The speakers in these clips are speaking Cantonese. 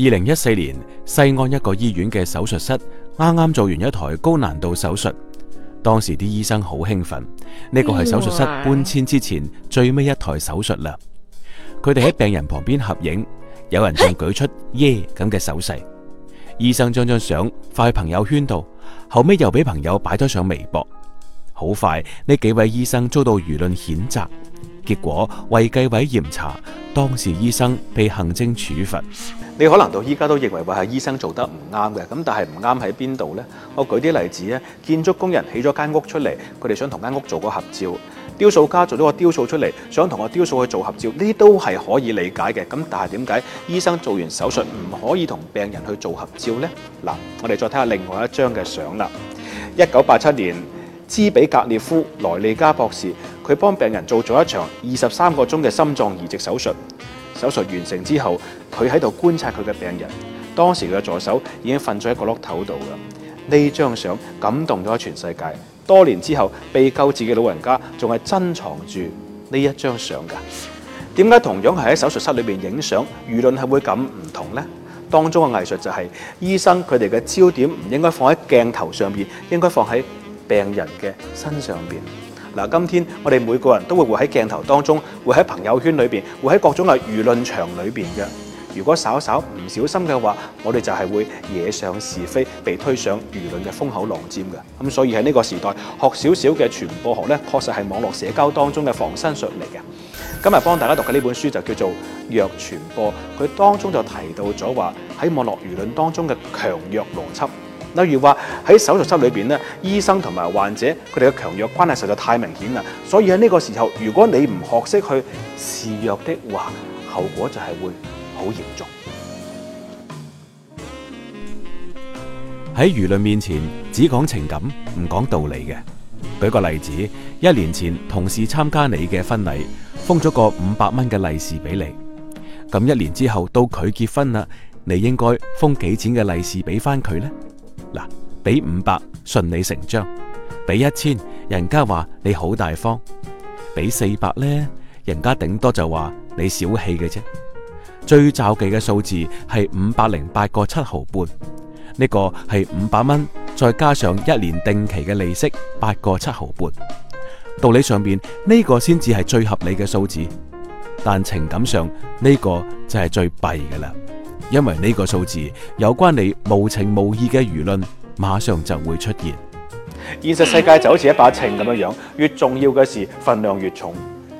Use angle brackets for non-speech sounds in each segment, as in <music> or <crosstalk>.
二零一四年，西安一個醫院嘅手術室啱啱做完一台高難度手術，當時啲醫生好興奮，呢、這個係手術室搬遷之前最尾一台手術啦。佢哋喺病人旁邊合影，有人仲舉出耶咁嘅手勢，醫生將張相發去朋友圈度，後尾又俾朋友擺咗上微博，好快，呢幾位醫生遭到輿論譴責。結果衛計委嚴查，當事醫生被行政處罰。你可能到依家都認為話係醫生做得唔啱嘅，咁但係唔啱喺邊度呢？我舉啲例子啊，建築工人起咗間屋出嚟，佢哋想同間屋做個合照；雕塑家做咗個雕塑出嚟，想同個雕塑去做合照，呢啲都係可以理解嘅。咁但係點解醫生做完手術唔可以同病人去做合照呢？嗱，我哋再睇下另外一張嘅相啦。一九八七年，茲比格列夫·萊利加博士。佢幫病人做咗一場二十三個鐘嘅心臟移植手術，手術完成之後，佢喺度觀察佢嘅病人。當時佢嘅助手已經瞓咗喺個角落頭度啦。呢張相感動咗全世界。多年之後，被救治嘅老人家仲係珍藏住呢一張相噶。點解同樣係喺手術室裏邊影相，輿論係會咁唔同呢？當中嘅藝術就係醫生佢哋嘅焦點唔應該放喺鏡頭上邊，應該放喺病人嘅身上邊。嗱，今天我哋每個人都會活喺鏡頭當中，會喺朋友圈裏邊，會喺各種嘅輿論場裏邊嘅。如果稍稍唔小心嘅話，我哋就係會惹上是非，被推上輿論嘅風口浪尖嘅。咁所以喺呢個時代，學少少嘅傳播學咧，確實係網絡社交當中嘅防身術嚟嘅。今日幫大家讀嘅呢本書就叫做《弱傳播》，佢當中就提到咗話喺網絡輿論當中嘅強弱邏輯。例如話喺手術室裏邊咧，醫生同埋患者佢哋嘅強弱關係實在太明顯啦。所以喺呢個時候，如果你唔學識去示弱的話，後果就係會好嚴重。喺輿論面前，只講情感唔講道理嘅。舉個例子，一年前同事參加你嘅婚禮，封咗個五百蚊嘅利是俾你。咁一年之後到佢結婚啦，你應該封幾錢嘅利是俾返佢呢？嗱，俾五百，順理成章；俾一千，人家話你好大方；俾四百咧，人家頂多就話你小氣嘅啫。最撞忌嘅數字係五百零八個七毫半，呢個係五百蚊再加上一年定期嘅利息八個七毫半。道理上邊呢個先至係最合理嘅數字，但情感上呢個就係最弊嘅啦。因為呢個數字有關你無情無義嘅輿論，馬上就會出現。現實世界就好似一把秤咁樣樣，越重要嘅事份量越重。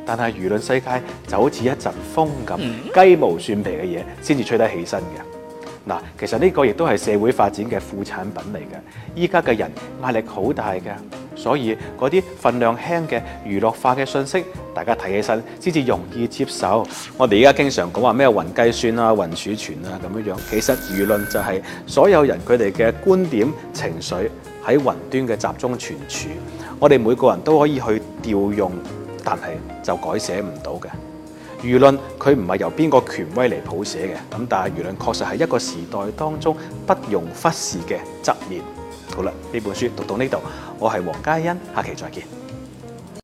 但係輿論世界就好似一陣風咁，雞毛蒜皮嘅嘢，先至吹得起身嘅。嗱,其實呢個亦都係社會發展嘅副產品嚟嘅。依家嘅人壓力好大嘅。所以嗰啲份量輕嘅，娛樂化嘅信息，大家睇起身先至容易接受。 <noise> 我哋而家經常講話咩雲計算啊、雲儲存啊咁樣樣，其實輿論就係所有人佢哋嘅觀點情緒喺雲端嘅集中存儲，我哋每個人都可以去調用，但係就改寫唔到嘅。輿論佢唔係由邊個權威嚟譜寫嘅，咁但係輿論確實係一個時代當中不容忽視嘅側面。好啦，呢本書讀到呢度，我係黃嘉欣，下期再見。